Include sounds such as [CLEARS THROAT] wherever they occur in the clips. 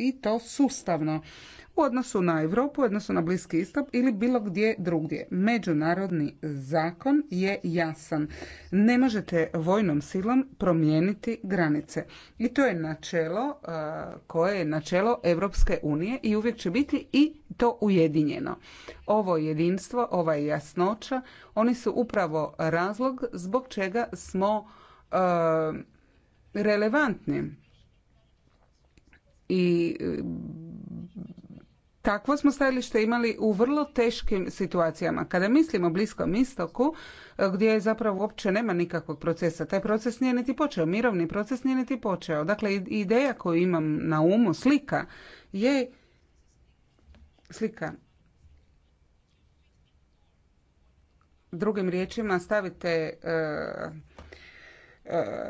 i to sustavno u odnosu na Europu, u odnosu na Bliski Istop ili bilo gdje drugdje. Međunarodni zakon je jasan. Ne možete vojnom silom promijeniti granice. I to je načelo koje je načelo Europske unije i uvijek će biti i to ujedinjeno. Ovo jedinstvo, ova jasnoća, oni su upravo razlog zbog čega smo relevantni i e, takvo smo stajalište imali u vrlo teškim situacijama. Kada mislimo o Bliskom istoku, e, gdje zapravo uopće nema nikakvog procesa, taj proces nije niti počeo, mirovni proces nije niti počeo. Dakle, ideja koju imam na umu, slika, je slika. Drugim riječima stavite e,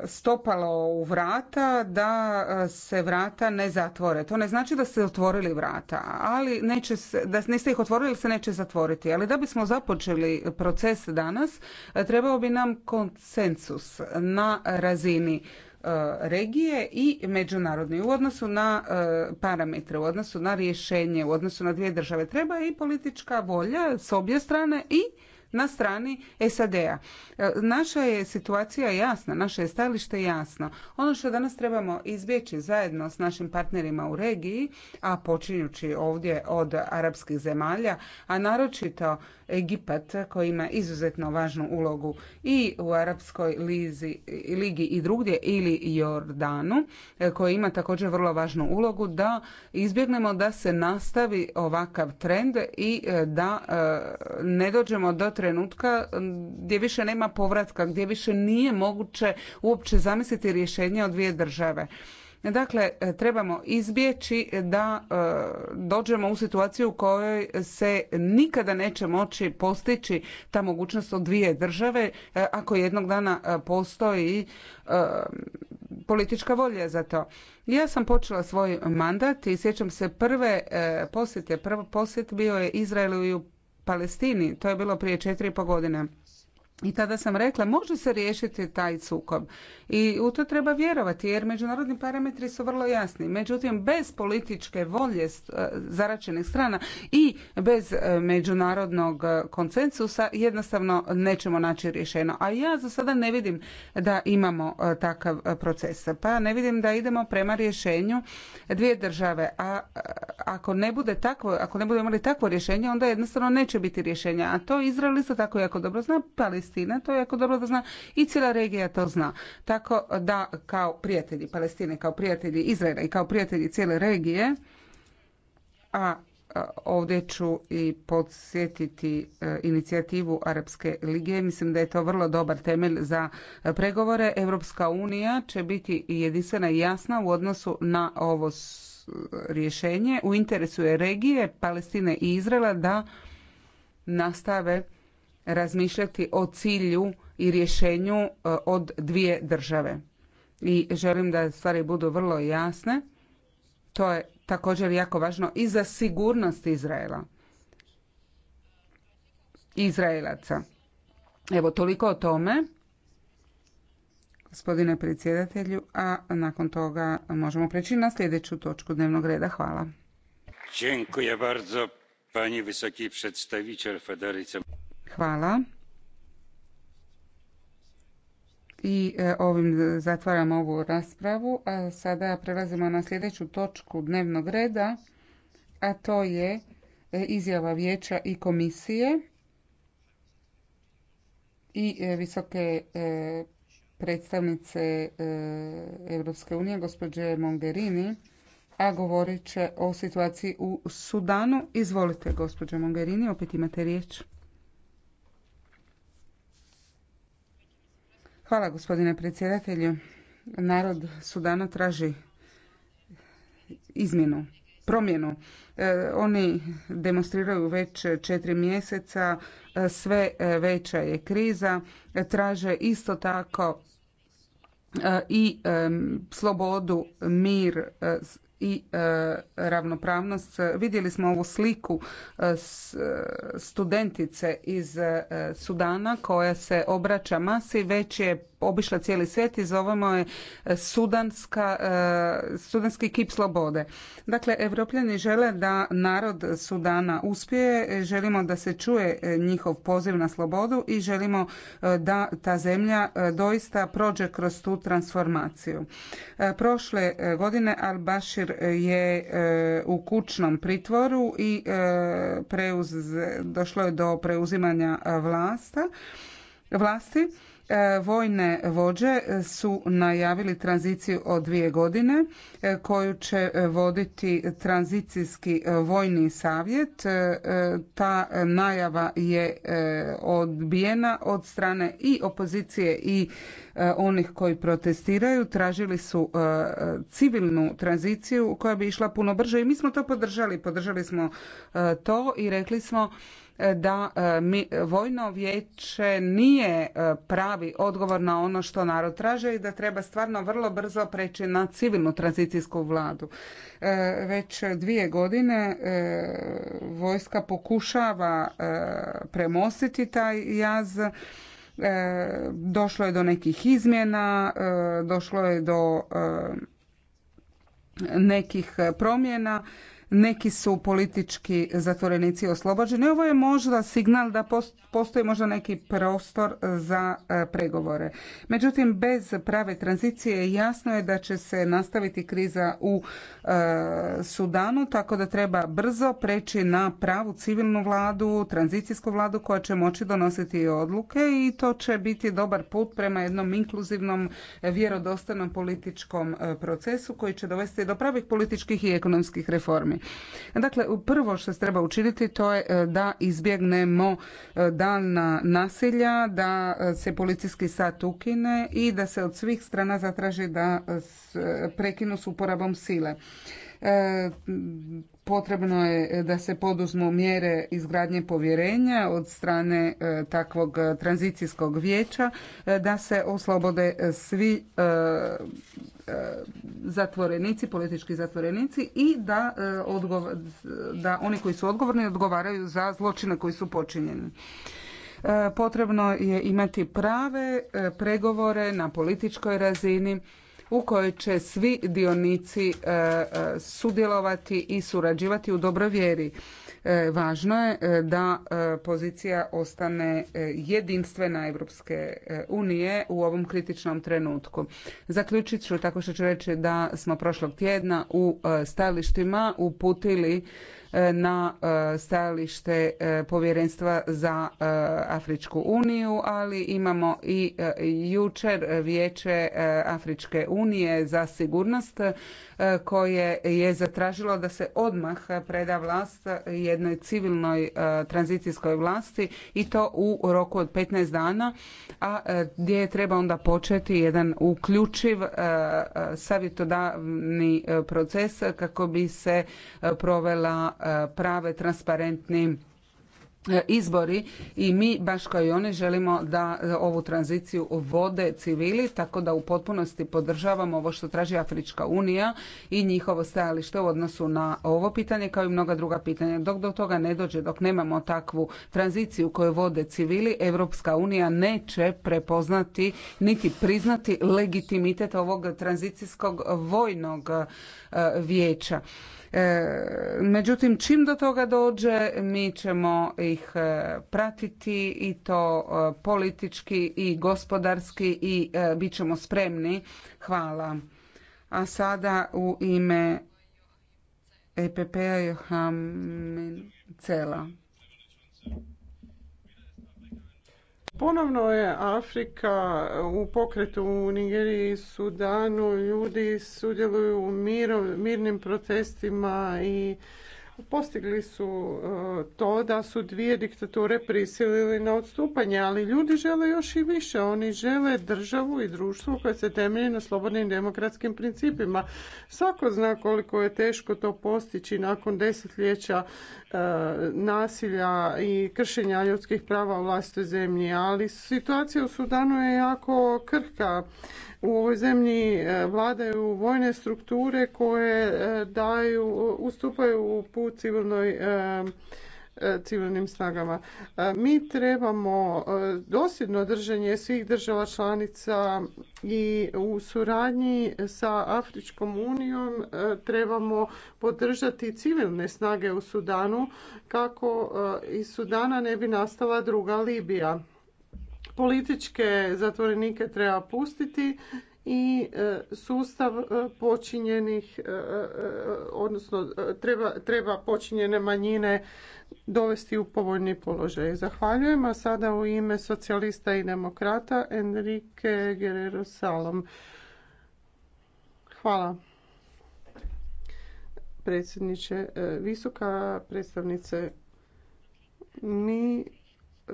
stopalo u vrata da e, se vrata ne zatvore. To ne znači da ste otvorili vrata, ali neće se, da niste ih otvorili se neće zatvoriti. Ali da bismo započeli proces danas, e, trebao bi nam konsensus na razini e, regije i međunarodni u odnosu na parametre, u odnosu na rješenje, u odnosu na dvije države. Treba i politička volja s obje strane i na strani SAD-a. E, naša je situacija jasna, naše je stajalište jasno. Ono što danas trebamo izbjeći zajedno s našim partnerima u regiji, a počinjući ovdje od arapskih zemalja, a naročito Egipat koji ima izuzetno važnu ulogu i u Arapskoj lizi, ligi i drugdje ili Jordanu e, koji ima također vrlo važnu ulogu da izbjegnemo da se nastavi ovakav trend i e, da e, ne dođemo do trenutka gdje više nema povratka, gdje više nije moguće uopće zamisliti rješenje od dvije države. Dakle, e, trebamo izbjeći da e, dođemo u situaciju u kojoj se nikada neće moći postići ta mogućnost od dvije države e, ako jednog dana postoji politička volja za to. Ja sam počela svoj mandat i sjećam se prve posjete. Prvo posjet bio je Izraelu i u Palestini. To je bilo prije četiri i po godine. I tada sam rekla, može se riješiti taj sukob. I u to treba vjerovati, jer međunarodni parametri su vrlo jasni. Međutim, bez političke volje e, zaračenih strana i bez e, međunarodnog e, konsenzusa jednostavno nećemo naći rješeno. A ja za sada ne vidim da imamo takav proces. Pa ne vidim da idemo prema rješenju dvije države. A ako ne bude takvo, ako ne budemo imali takvo rješenje, onda jednostavno neće biti rješenja. A to Izrael isto tako jako dobro zna, pali Palestine, to je jako dobro da zna i cijela regija to zna. Tako da kao prijatelji Palestine, kao prijatelji Izraela i kao prijatelji cijele regije, a ovdje ću i podsjetiti e, inicijativu Arapske lige. Mislim da je to vrlo dobar temelj za pregovore. Europska unija će biti jedinstvena i jasna u odnosu na ovo rješenje. U interesu je regije Palestine i Izraela da nastave razmišljati o cilju i rješenju e, od dvije države. I želim da stvari budu vrlo jasne. To je također jako važno i za sigurnost Izraela. Izraelaca. Evo toliko o tome. Gospodine predsjedatelju, a nakon toga možemo preći na sljedeću točku dnevnog reda. Hvala. Dziękuję bardzo pani wysoki przedstawiciel Hvala. I e, ovim zatvaram ovu raspravu. A sada prelazimo na sljedeću točku dnevnog reda, a to je e, izjava vijeća i komisije i e, visoke predstavnice Europske unije, gospođe Mongerini, a govorit će o situaciji u Sudanu. Izvolite, gospođe Mongerini, opet imate riječ. Hvala gospodine predsjedatelju. Narod Sudana traži izmjenu, promjenu. E, oni demonstriraju već četiri mjeseca, e, sve e, veća je kriza, traže isto tako i slobodu, mir i e, ravnopravnost. Vidjeli smo ovu sliku e, e, studentice iz Sudana koja se obraća masi, već je obišla cijeli svijet i zovemo je e, sudanska, e, sudanski kip slobode. Dakle, evropljani žele da narod Sudana uspije, želimo da se čuje e, njihov poziv na slobodu i želimo da ta zemlja doista prođe kroz tu transformaciju. Prošle godine Al-Bashir je u kućnom pritvoru i preuz, došlo je do preuzimanja vlasta, vlasti E, vojne vođe e, su najavili tranziciju od dvije godine e, koju će voditi tranzicijski vojni savjet. Ta najava je odbijena od strane i opozicije i onih koji protestiraju. Tražili su civilnu tranziciju koja bi išla puno brže i mi smo to podržali. Podržali smo to i rekli smo da e, vojno vijeće nije e, pravi odgovor na ono što narod traže i da treba stvarno vrlo brzo preći na civilnu tranzicijsku vladu. E, već dvije godine vojska pokušava premostiti taj jaz došlo je do nekih izmjena, došlo je do nekih promjena neki su politički zatvorenici oslobođeni. Ovo je možda signal da postoji možda neki prostor za e, pregovore. Međutim, bez prave tranzicije jasno je da će se nastaviti kriza u e, Sudanu, tako da treba brzo preći na pravu civilnu vladu, tranzicijsku vladu koja će moći donositi odluke i to će biti dobar put prema jednom inkluzivnom, e, vjerodostojnom političkom procesu koji će dovesti do pravih političkih i ekonomskih reformi. Dakle, prvo što se treba učiniti to je e, da izbjegnemo e, dalna nasilja, da e, se policijski sat ukine i da se od svih strana zatraži da prekinu s uporabom sile potrebno je e, da se poduzmu mjere izgradnje povjerenja od strane e, takvog e, tranzicijskog vijeća, da se oslobode svi zatvorenici, politički zatvorenici i da, da oni koji su odgovorni odgovaraju za zločine koji su počinjeni potrebno je imati prave pregovore na političkoj razini u kojoj će svi dionici e, e, sudjelovati i surađivati u dobroj vjeri. E, važno je da pozicija ostane jedinstvena Europske unije u ovom kritičnom trenutku. Zaključit ću tako što ću reći da smo prošlog tjedna u stajalištima uputili E, na e, stajalište e, povjerenstva za Afričku uniju, ali imamo i jučer vijeće Afričke unije za sigurnost koje je zatražilo da se odmah preda vlast jednoj civilnoj tranzicijskoj vlasti i to u roku od 15 dana, a gdje treba onda početi jedan uključiv savjetodavni proces kako bi se provela prave, transparentni e, izbori i mi baš kao i oni želimo da ovu tranziciju vode civili tako da u potpunosti podržavamo ovo što traži Afrička unija i njihovo stajalište u odnosu na ovo pitanje kao i mnoga druga pitanja. Dok do toga ne dođe, dok nemamo takvu tranziciju koju vode civili, Evropska unija neće prepoznati niti priznati legitimitet ovog tranzicijskog vojnog e, vijeća E, međutim, čim do toga dođe, mi ćemo ih e, pratiti i to e, politički i gospodarski i bit ćemo spremni. Hvala. A sada u ime EPP-a Cela. Ponovno je Afrika u pokretu u Nigeriji i Sudanu. Ljudi sudjeluju u mirnim protestima i postigli su e, to da su dvije diktature prisilili na odstupanje, ali ljudi žele još i više. Oni žele državu i društvo koje se temelji na slobodnim demokratskim principima. Svako zna koliko je teško to postići nakon desetljeća e, nasilja i kršenja ljudskih prava u vlastitoj zemlji, ali situacija u Sudanu je jako krhka. U ovoj zemlji e, vladaju vojne strukture koje e, daju, ustupaju u put civilnoj e, civilnim snagama. Mi trebamo dosljedno držanje svih država članica i u suradnji sa Afričkom unijom trebamo podržati civilne snage u Sudanu kako iz Sudana ne bi nastala druga Libija. Političke zatvorenike treba pustiti i e, sustav e, počinjenih, e, odnosno treba, treba počinjene manjine dovesti u povoljni položaj. Zahvaljujem, a sada u ime socijalista i demokrata Enrique Guerrero Salom. Hvala predsjedniče, visoka predstavnice, mi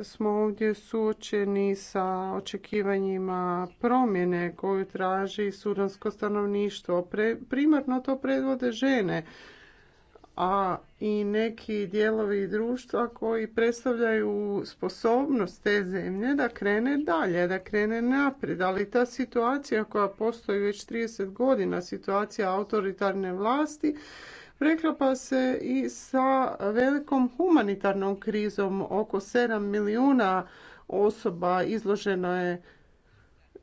smo ovdje suočeni sa očekivanjima promjene koju traži sudansko stanovništvo. Primarno to predvode žene, a i neki dijelovi društva koji predstavljaju sposobnost te zemlje da krene dalje, da krene naprijed. Ali ta situacija koja postoji već 30 godina, situacija autoritarne vlasti, preklapa se i sa velikom humanitarnom krizom. Oko 7 milijuna osoba izloženo je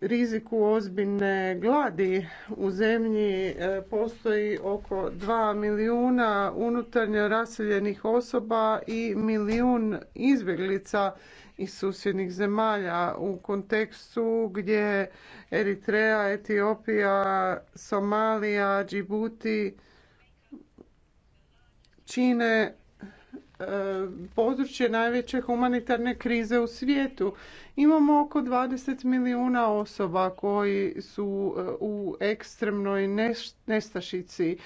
riziku ozbiljne gladi u zemlji e, postoji oko 2 milijuna unutarnje raseljenih osoba i milijun izbjeglica iz susjednih zemalja u kontekstu gdje Eritreja, Etiopija, Somalija, Džibuti čine e, područje najveće humanitarne krize u svijetu. Imamo oko 20 milijuna osoba koji su e, u ekstremnoj nestašici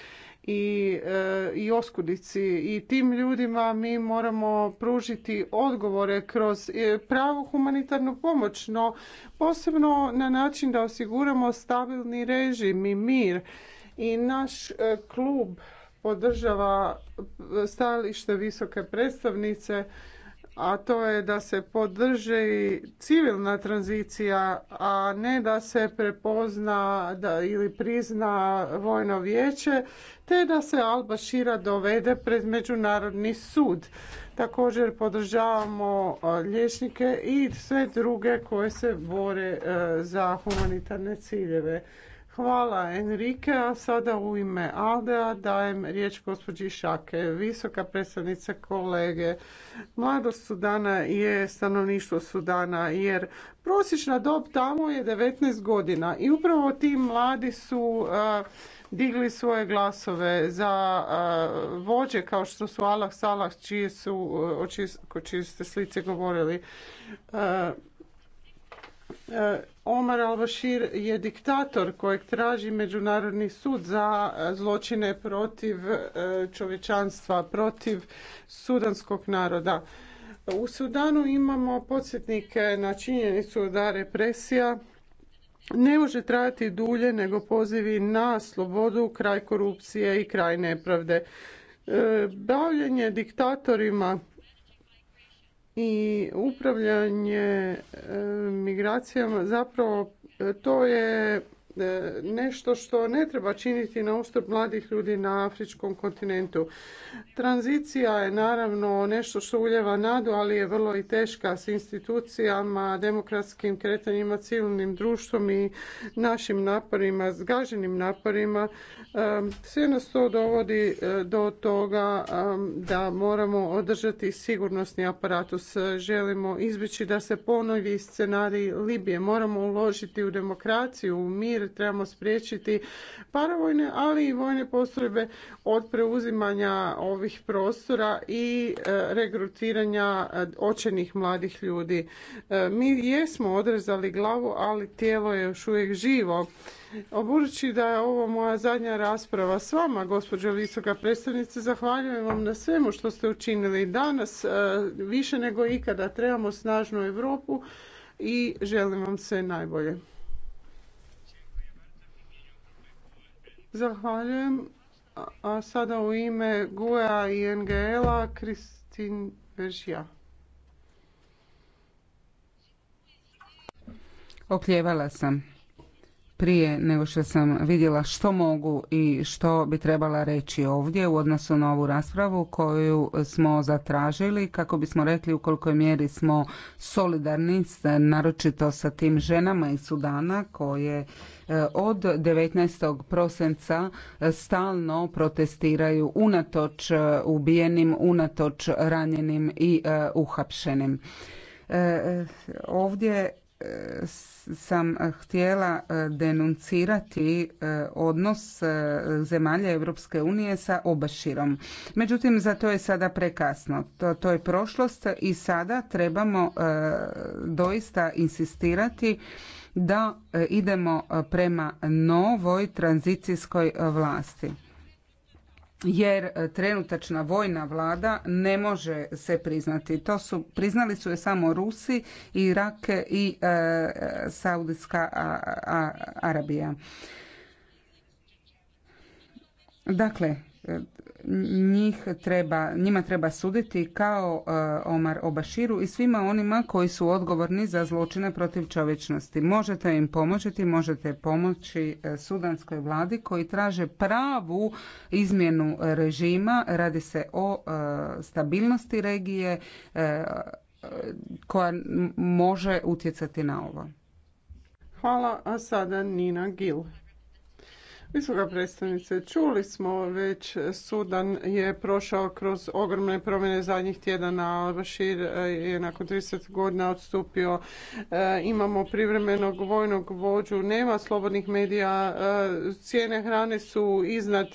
i, e, i oskudici i tim ljudima mi moramo pružiti odgovore kroz pravu humanitarnu pomoć, no posebno na način da osiguramo stabilni režim i mir. I naš klub podržava stajalište visoke predstavnice a to je da se podrži civilna tranzicija, a ne da se prepozna da, ili prizna vojno vijeće, te da se Alba Šira dovede pred Međunarodni sud. Također podržavamo liječnike i sve druge koje se bore za humanitarne ciljeve. Hvala Enrike, a sada u ime Aldea dajem riječ gospođi Šake, visoka predstavnica kolege. Mladost Sudana je stanovništvo Sudana jer prosječna dob tamo je 19 godina i upravo ti mladi su digli svoje glasove za vođe kao što su Alah Salah čije su, o ste slice govorili. Eh, Omar al-Bashir je diktator kojeg traži Međunarodni sud za eh, zločine protiv eh, čovječanstva, protiv sudanskog naroda. U Sudanu imamo podsjetnike na činjenicu da represija ne može trajati dulje nego pozivi na slobodu, kraj korupcije i kraj nepravde. Bavljanje diktatorima i upravljanje e, migracijama zapravo e, to je E, nešto što ne treba činiti na ustup mladih ljudi na afričkom kontinentu. Tranzicija je naravno nešto što uljeva nadu, ali je vrlo i teška s institucijama, demokratskim kretanjima, civilnim društvom i našim naporima, zgaženim naporima. E, sve nas to dovodi e, do toga da moramo održati sigurnosni aparatus. Želimo izbjeći da se ponovi scenarij Libije. Moramo uložiti u demokraciju, u mir, trebamo spriječiti paravojne, ali i vojne postrojbe od preuzimanja ovih prostora i e, regrutiranja e, očenih mladih ljudi. E, mi jesmo odrezali glavu, ali tijelo je još uvijek živo. Obudući da je ovo moja zadnja rasprava s vama, gospođo visoka predstavnice, zahvaljujem vam na svemu što ste učinili danas. Više nego ikada trebamo snažnu Europu i želim vam sve najbolje. Zahvaljujem. A sada u ime gue i NGL-a Kristin Veržija. sam prije nego što sam vidjela što mogu i što bi trebala reći ovdje u odnosu na ovu raspravu koju smo zatražili kako bismo rekli u kolikoj mjeri smo solidarni naročito sa tim ženama iz Sudana koje e, od 19. prosinca stalno protestiraju unatoč e, ubijenim, unatoč ranjenim i e, uhapšenim ovdje sam htjela e, denuncirati e, odnos e, zemalja Europske unije sa obaširom. Međutim, za to je sada prekasno. To, to je prošlost i sada trebamo doista insistirati da idemo prema novoj tranzicijskoj vlasti jer e, trenutačna vojna vlada ne može se priznati. To su, priznali su je samo Rusi, Irak i e, Saudijska Arabija. Dakle, njih treba, njima treba suditi kao e, Omar Obaširu i svima onima koji su odgovorni za zločine protiv čovječnosti. Možete im pomoći, možete pomoći e, sudanskoj vladi koji traže pravu izmjenu režima. Radi se o e, stabilnosti regije koja može utjecati na ovo. Hvala, a sada Nina Gil. Visoka predstavnice, čuli smo već Sudan je prošao kroz ogromne promjene zadnjih tjedana. Al-Bashir e, je nakon 30 godina odstupio. E, imamo privremenog vojnog vođu, nema slobodnih medija, e, cijene hrane su iznad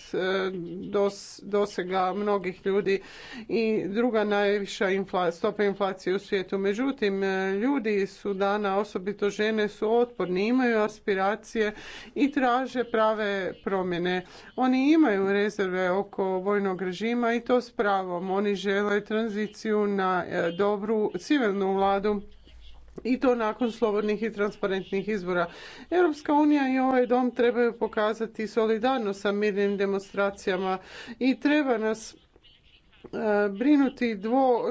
dosega mnogih ljudi i druga najviša stopa inflacije u svijetu. Međutim, ljudi dana, osobito žene, su otporni, imaju aspiracije i traže prave promjene. Oni imaju rezerve oko vojnog režima i to s pravom. Oni žele tranziciju na e, dobru civilnu vladu i to nakon slobodnih i transparentnih izbora. Europska unija i ovaj dom trebaju pokazati solidarnost sa mirnim demonstracijama i treba nas E, brinuti dvo,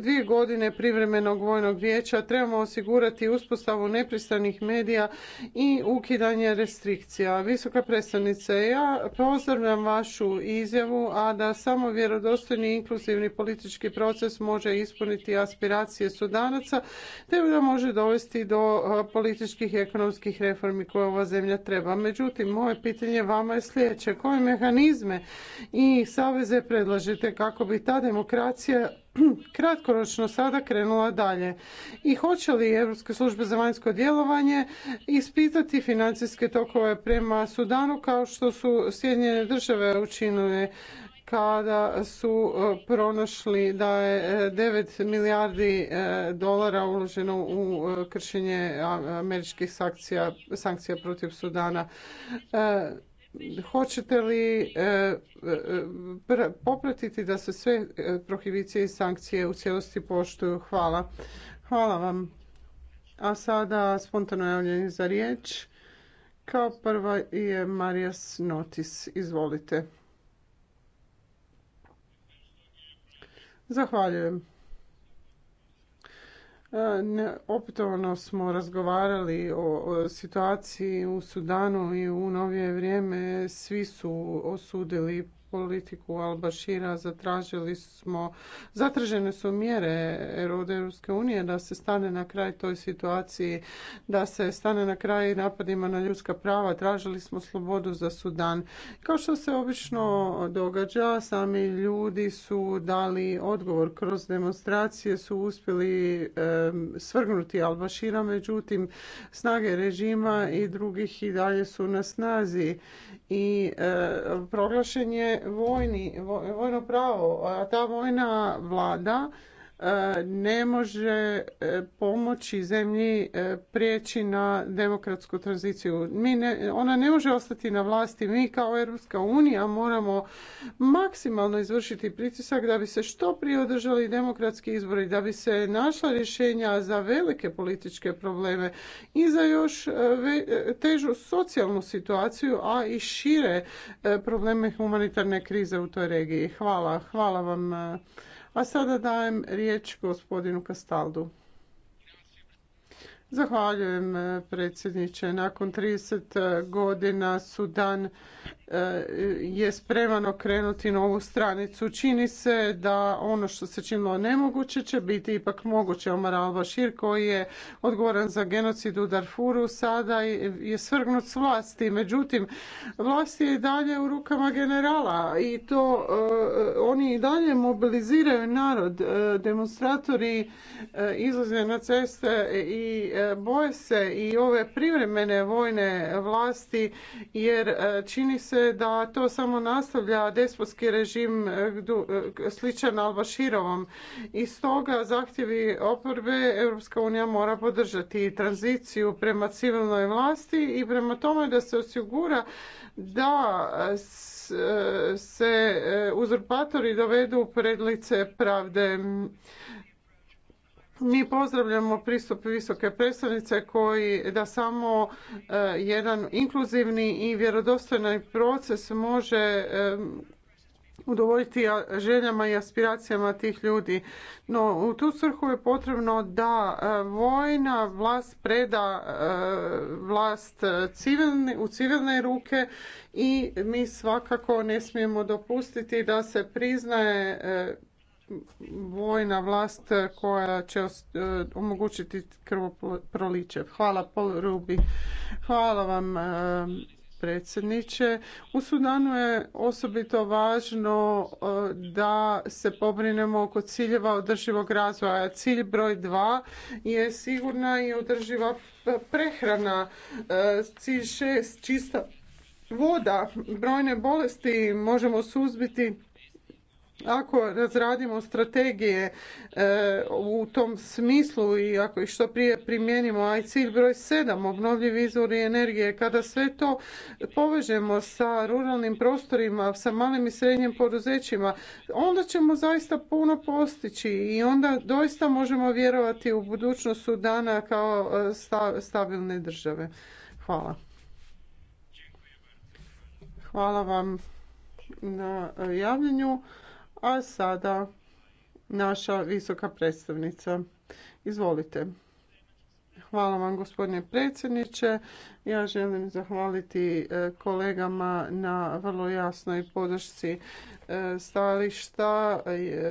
dvije godine privremenog vojnog vijeća, trebamo osigurati uspostavu nepristranih medija i ukidanje restrikcija. Visoka predstavnice, ja pozdravljam vašu izjavu, a da samo vjerodostojni inkluzivni politički proces može ispuniti aspiracije sudanaca, te da može dovesti do e, političkih i ekonomskih reformi koje ova zemlja treba. Međutim, moje pitanje vama je sljedeće. Koje mehanizme i saveze predlažete kako bi ta ta demokracija [CLEARS THROAT] kratkoročno sada krenula dalje. I hoće li Europske službe za vanjsko djelovanje ispitati financijske tokove prema Sudanu kao što su Sjedinjene države učinile kada su e, pronašli da je 9 e, milijardi e, dolara uloženo u kršenje američkih sankcija, sankcija protiv Sudana. Hoćete li e, e, popratiti da se sve e, prohibicije i sankcije u cijelosti poštuju? Hvala. Hvala vam. A sada spontano javljanje za riječ. Kao prva je Marijas Notis. Izvolite. Zahvaljujem. Opetovano smo razgovarali o situaciji u Sudanu i u novije vrijeme svi su osudili politiku Al-Bashira zatražili smo, zatražene su mjere od Europske unije da se stane na kraj toj situaciji, da se stane na kraj napadima na ljudska prava, tražili smo slobodu za Sudan. Kao što se obično događa, sami ljudi su dali odgovor kroz demonstracije, su uspjeli svrgnuti Al-Bashira, međutim snage režima i drugih i dalje su na snazi i proglašen je vojni, vojno pravo, a ta vojna vlada E, ne može e, pomoći zemlji e, prijeći na demokratsku tranziciju. Mi ne, ona ne može ostati na vlasti. Mi kao Europska unija moramo maksimalno izvršiti pritisak da bi se što prije održali demokratski izbori, da bi se našla rješenja za velike političke probleme i za još težu socijalnu situaciju, a i šire probleme humanitarne krize u toj regiji. Hvala. Hvala vam a sada dajem riječ gospodinu Kastaldu. Zahvaljujem eh, predsjedniče. Nakon 30 godina Sudan Eh, je spreman okrenuti novu stranicu. Čini se da ono što se činilo nemoguće će biti ipak moguće. Omar al-Bashir koji je odgovoran za genocid u Darfuru sada je svrgnut s vlasti. Međutim, vlast je i dalje u rukama generala i to eh, oni i dalje mobiliziraju narod. Eh, demonstratori izlaze na ceste i boje se i ove privremene vojne vlasti jer čini se da to samo nastavlja despotski režim e, e, sličan Albaširovom. I stoga zahtjevi oporbe Europska unija mora podržati tranziciju prema civilnoj vlasti i prema tome da se osigura da e, se uzurpatori dovedu pred lice pravde. Mi pozdravljamo pristup visoke predstavnice koji da samo e, jedan inkluzivni i vjerodostojni proces može e, udovoljiti željama i aspiracijama tih ljudi. No, u tu svrhu je potrebno da e, vojna vlast preda vlast u civilne ruke i mi svakako ne smijemo dopustiti da se priznaje vojna vlast koja će eh, omogućiti krvoproliće. Hvala Paul Rubi. Hvala vam eh, predsjedniče. U Sudanu je osobito važno eh, da se pobrinemo oko ciljeva održivog razvoja. Cilj broj dva je sigurna i održiva prehrana. Cilj šest čista voda. Brojne bolesti možemo suzbiti ako razradimo strategije e, u tom smislu i ako i što prije primijenimo, a cilj broj 7, obnovljivi izvori energije, kada sve to povežemo sa ruralnim prostorima, sa malim i srednjim poduzećima, onda ćemo zaista puno postići i onda doista možemo vjerovati u budućnost Sudana kao e, stabilne države. Hvala. Hvala vam na e, javljanju. A sada naša visoka predstavnica. Izvolite. Hvala vam gospodine predsjedniče. Ja želim zahvaliti e, kolegama na vrlo jasnoj podršci e, stajališta e,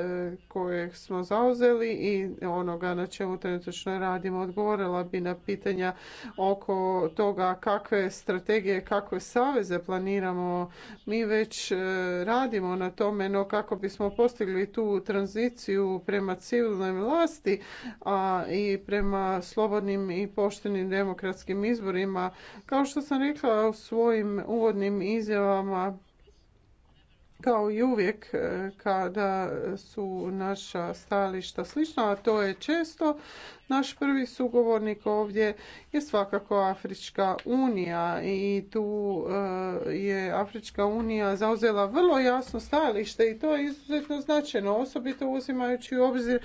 kojeg smo zauzeli i onoga na čemu trenutno radimo. Odgovorila bi na pitanja oko toga kakve strategije, kakve saveze planiramo. Mi već radimo na tome, no kako bismo postigli tu tranziciju prema civilnoj vlasti a i prema slobodnim i poštenim demokratskim izborima, kao što sam rekla u svojim uvodnim izjavama, kao i uvijek e, kada su naša stajališta slična, a to je često, naš prvi sugovornik ovdje je svakako Afrička unija i tu e, je Afrička unija zauzela vrlo jasno stajalište i to je izuzetno značajno, osobito uzimajući u obzir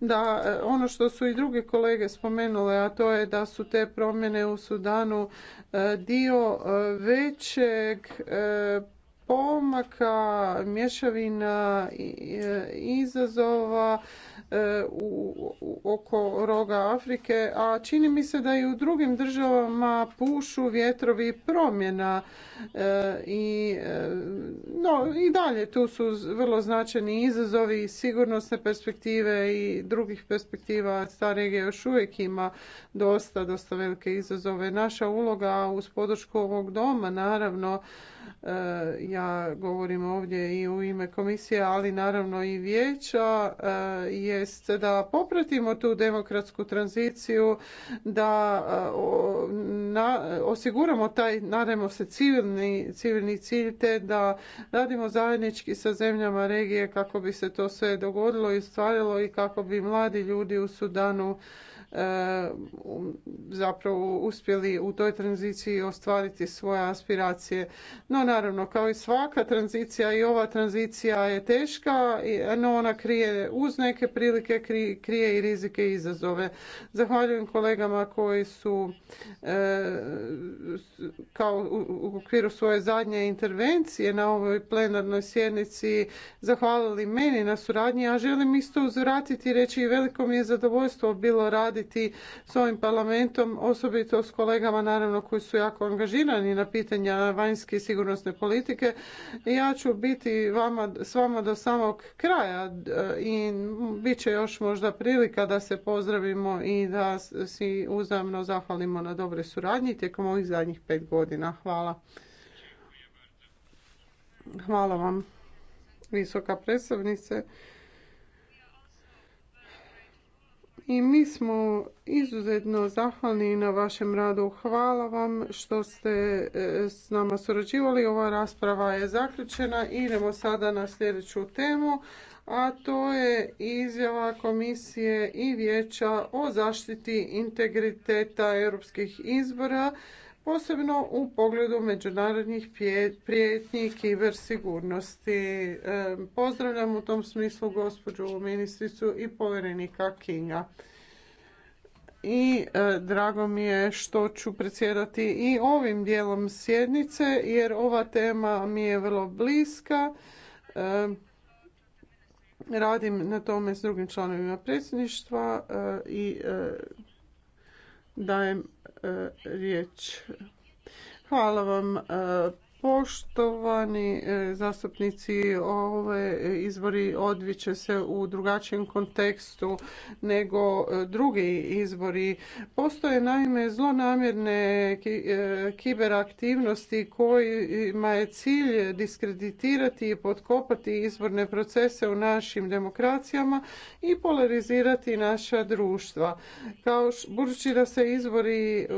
da e, ono što su i druge kolege spomenule, a to je da su te promjene u Sudanu dio većeg pomaka, mješavina izazova e, oko roga Afrike, a čini mi se da i u drugim državama pušu vjetrovi promjena e, i e, no i dalje tu su vrlo značajni izazovi sigurnosne perspektive i drugih perspektiva. Ta regija još uvijek ima dosta, dosta velike izazove. Naša uloga uz podršku ovog doma naravno E, ja govorim ovdje i u ime komisije, ali naravno i vijeća, e, jest da popratimo tu demokratsku tranziciju, da e, osiguramo taj, nadajmo se, civilni, civilni cilj, te da radimo zajednički sa zemljama regije kako bi se to sve dogodilo i stvarilo i kako bi mladi ljudi u Sudanu E, zapravo uspjeli u toj tranziciji ostvariti svoje aspiracije. No naravno, kao i svaka tranzicija i ova tranzicija je teška, no ona krije uz neke prilike, krije i rizike i izazove. Zahvaljujem kolegama koji su e, kao u okviru svoje zadnje intervencije na ovoj plenarnoj sjednici zahvalili meni na suradnji, a želim isto uzvratiti i reći veliko mi je zadovoljstvo bilo raditi raditi s ovim parlamentom, osobito s kolegama naravno koji su jako angažirani na pitanja vanjske i sigurnosne politike. Ja ću biti vama, s vama do samog kraja e, i bit će još možda prilika da se pozdravimo i da si uzamno zahvalimo na dobre suradnji tijekom ovih zadnjih pet godina. Hvala. Hvala vam, visoka predstavnice. i mi smo izuzetno zahvalni na vašem radu. Hvala vam što ste e, s nama surađivali. Ova rasprava je zaključena. Idemo sada na sljedeću temu, a to je izjava komisije i vijeća o zaštiti integriteta europskih izbora posebno u pogledu međunarodnih prijetnji i sigurnosti. E, pozdravljam u tom smislu gospođu ministricu i povjerenika Kinga. I e, drago mi je što ću predsjedati i ovim dijelom sjednice jer ova tema mi je vrlo bliska. E, radim na tome s drugim članovima predsjedništva i dajem riječ. Hvala vam Poštovani e, zastupnici, ove izbori odviće se u drugačijem kontekstu nego e, drugi izbori. Postoje naime zlonamjerne e, kiberaktivnosti kojima je cilj diskreditirati i potkopati izborne procese u našim demokracijama i polarizirati naša društva. Kao budući da se izbori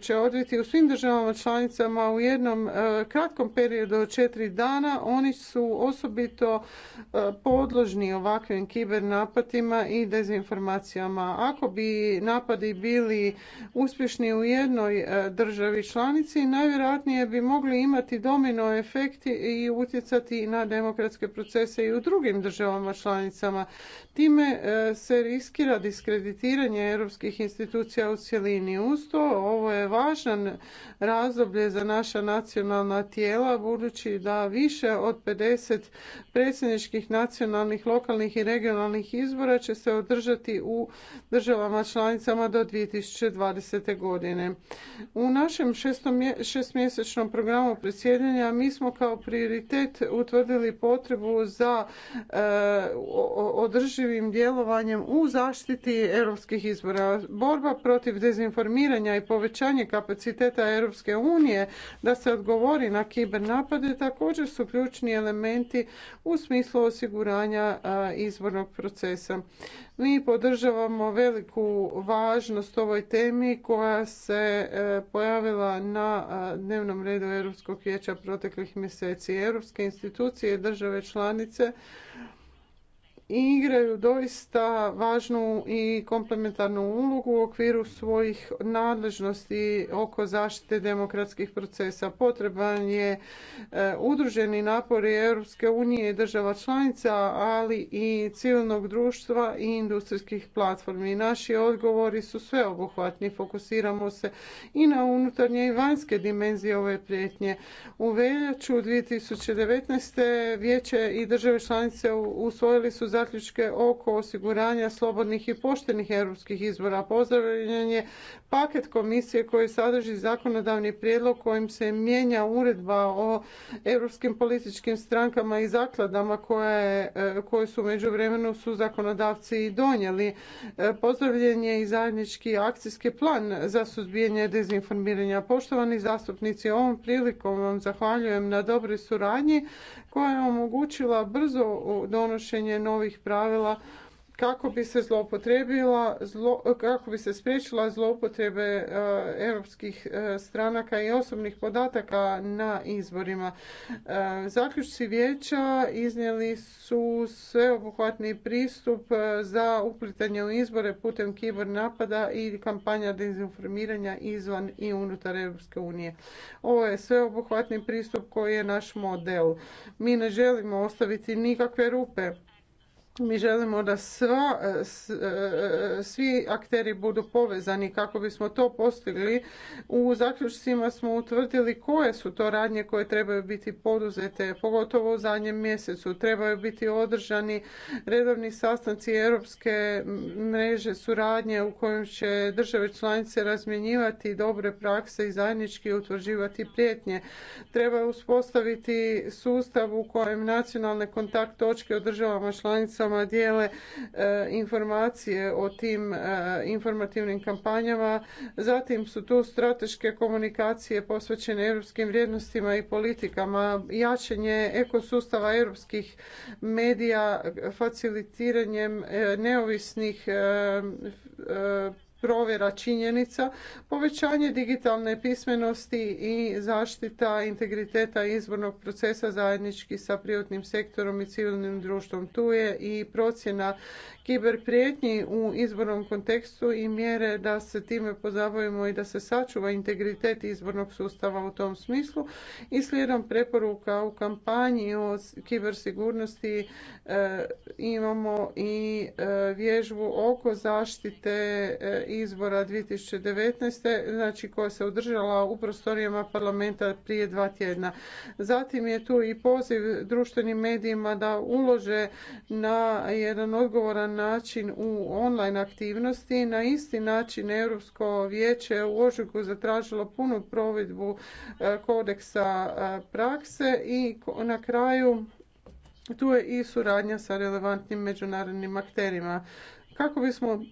će odviti u svim državama članicama u jednom kratkom periodu od četiri dana oni su osobito e, podložni ovakvim kiber napadima i dezinformacijama. Ako bi napadi bili uspješni u jednoj e, državi članici, najvjerojatnije bi mogli imati domino efekti i utjecati na demokratske procese i u drugim državama članicama. Time e, se riskira diskreditiranje europskih institucija u cjelini. Uz to, ovo je važan razdoblje za naša nacionalna na tijela budući da više od 50 predsjedničkih nacionalnih, lokalnih i regionalnih izbora će se održati u državama članicama do 2020. godine. U našem šestmjesečnom programu predsjedanja mi smo kao prioritet utvrdili potrebu za e, održivim djelovanjem u zaštiti europskih izbora. Borba protiv dezinformiranja i povećanje kapaciteta Europske unije da se odgovori odgovori na kibernapade također su ključni elementi u smislu osiguranja izbornog procesa. Mi podržavamo veliku važnost ovoj temi koja se e, pojavila na dnevnom redu Europskog vijeća proteklih mjeseci. Europske institucije i države članice igraju doista važnu i komplementarnu ulogu u okviru svojih nadležnosti oko zaštite demokratskih procesa. Potreban je e, udruženi napori Europske unije i država članica, ali i civilnog društva i industrijskih platformi. Naši odgovori su sveobuhvatni, fokusiramo se i na unutarnje i vanjske dimenzije ove prijetnje. U veljaču 2019. vijeće i države članice usvojili su za zaključke oko osiguranja slobodnih i poštenih europskih izbora. Pozdravljen je paket komisije koji sadrži zakonodavni prijedlog kojim se mijenja uredba o europskim političkim strankama i zakladama koje, e, su među vremenu su zakonodavci i donijeli. E, pozdravljen je i zajednički akcijski plan za suzbijanje dezinformiranja. Poštovani zastupnici, ovom prilikom vam zahvaljujem na dobroj suradnji koja je omogućila brzo donošenje novih pravila kako bi se zloupotrijebila, zlo, kako bi se spriječila zloupotrebe e, europskih e, stranaka i osobnih podataka na izborima. E, zaključci vijeća iznijeli su sveobuhvatni pristup za uplitanje u izbore putem kibor napada i kampanja dezinformiranja izvan i unutar Europske unije. Ovo je sveobuhvatni pristup koji je naš model. Mi ne želimo ostaviti nikakve rupe mi želimo da sva, e, svi akteri budu povezani kako bismo to postigli. U zaključcima smo utvrdili koje su to radnje koje trebaju biti poduzete, pogotovo u zadnjem mjesecu. Trebaju biti održani redovni sastanci Europske mreže suradnje u kojem će države članice razmjenjivati dobre prakse i zajednički utvrđivati prijetnje. Treba uspostaviti sustav u kojem nacionalne kontakt točke u državama članica ulicama dijele e, informacije o tim e, informativnim kampanjama. Zatim su tu strateške komunikacije posvećene europskim vrijednostima i politikama, jačanje ekosustava europskih medija, facilitiranjem e, neovisnih provjera činjenica, povećanje digitalne pismenosti i zaštita integriteta izbornog procesa zajednički sa privatnim sektorom i civilnim društvom. Tu je i procjena kiber prijetnji u izbornom kontekstu i mjere da se time pozabavimo i da se sačuva integritet izbornog sustava u tom smislu i slijedom preporuka u kampanji o kibersigurnosti e, imamo i e, vježbu oko zaštite e, izbora 2019. znači koja se održala u prostorijama parlamenta prije dva tjedna. Zatim je tu i poziv društvenim medijima da ulože na jedan odgovoran način u online aktivnosti. Na isti način Europsko vijeće u ožujku zatražilo punu provedbu e, kodeksa e, prakse i na kraju tu je i suradnja sa relevantnim međunarodnim akterima. Kako bismo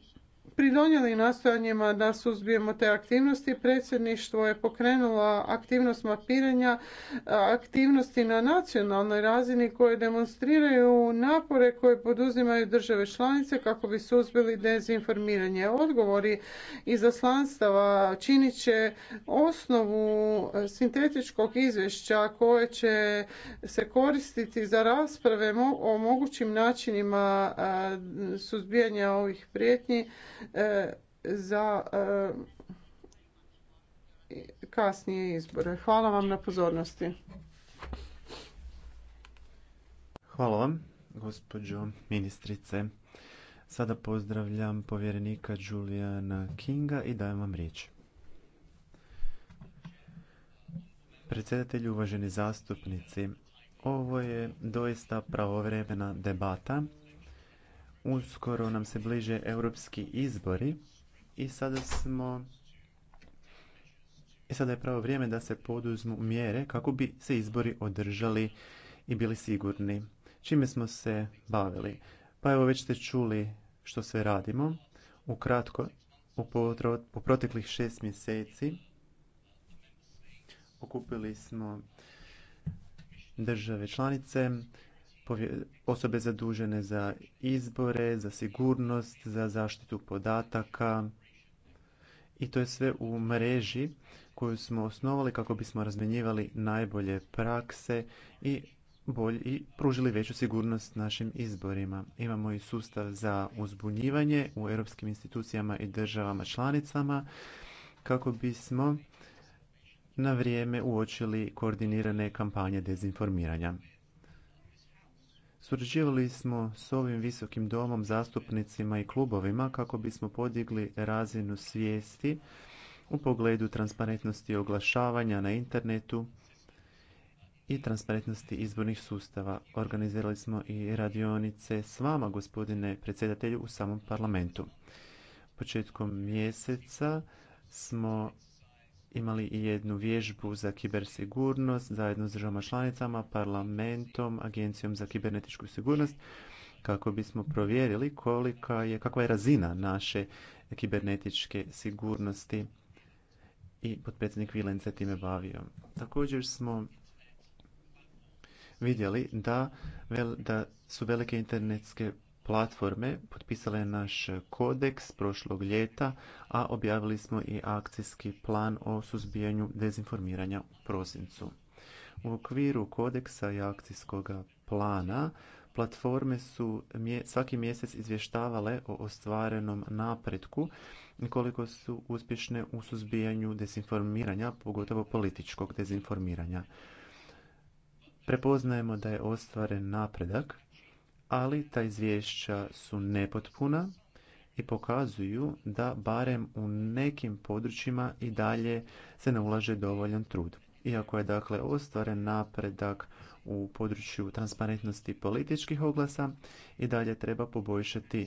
pridonijeli nastojanjima da suzbijemo te aktivnosti. Predsjedništvo je pokrenulo aktivnost mapiranja aktivnosti na nacionalnoj razini koje demonstriraju napore koje poduzimaju države članice kako bi suzbili dezinformiranje. Odgovori izaslanstava činit će osnovu e, sintetičkog izvješća koje će se koristiti za rasprave o mogućim načinima suzbijanja ovih prijetnji E, za e, kasnije izbore. Hvala vam na pozornosti. Hvala vam, gospođo ministrice. Sada pozdravljam povjerenika Juliana Kinga i dajem vam riječ. Predsjedatelji, uvaženi zastupnici, ovo je doista pravovremena debata uskoro nam se bliže europski izbori i sada smo i sada je pravo vrijeme da se poduzmu mjere kako bi se izbori održali i bili sigurni. Čime smo se bavili? Pa evo već ste čuli što sve radimo. Ukratko, u, u proteklih šest mjeseci okupili smo države članice osobe zadužene za izbore, za sigurnost, za zaštitu podataka i to je sve u mreži koju smo osnovali kako bismo razmjenjivali najbolje prakse i bolji i pružili veću sigurnost našim izborima. Imamo i sustav za uzbunjivanje u europskim institucijama i državama članicama kako bismo na vrijeme uočili koordinirane kampanje dezinformiranja. Surađivali smo s ovim visokim domom, zastupnicima i klubovima kako bismo podigli razinu svijesti u pogledu transparentnosti oglašavanja na internetu i transparentnosti izbornih sustava. Organizirali smo i radionice s vama, gospodine predsjedatelju, u samom parlamentu. Početkom mjeseca smo imali i jednu vježbu za kibersigurnost zajedno s državama članicama, parlamentom, agencijom za kibernetičku sigurnost kako bismo provjerili kolika je, kakva je razina naše kibernetičke sigurnosti i potpredsjednik Vilen se time bavio. Također smo vidjeli da, da su velike internetske platforme je naš kodeks prošlog ljeta, a objavili smo i akcijski plan o suzbijanju dezinformiranja u prosincu. U okviru kodeksa i akcijskog plana platforme su svaki mjesec izvještavale o ostvarenom napretku koliko su uspješne u suzbijanju dezinformiranja, pogotovo političkog dezinformiranja. Prepoznajemo da je ostvaren napredak ali ta izvješća su nepotpuna i pokazuju da barem u nekim područjima i dalje se ne ulaže dovoljan trud. Iako je dakle ostvaren napredak u području transparentnosti političkih oglasa i dalje treba poboljšati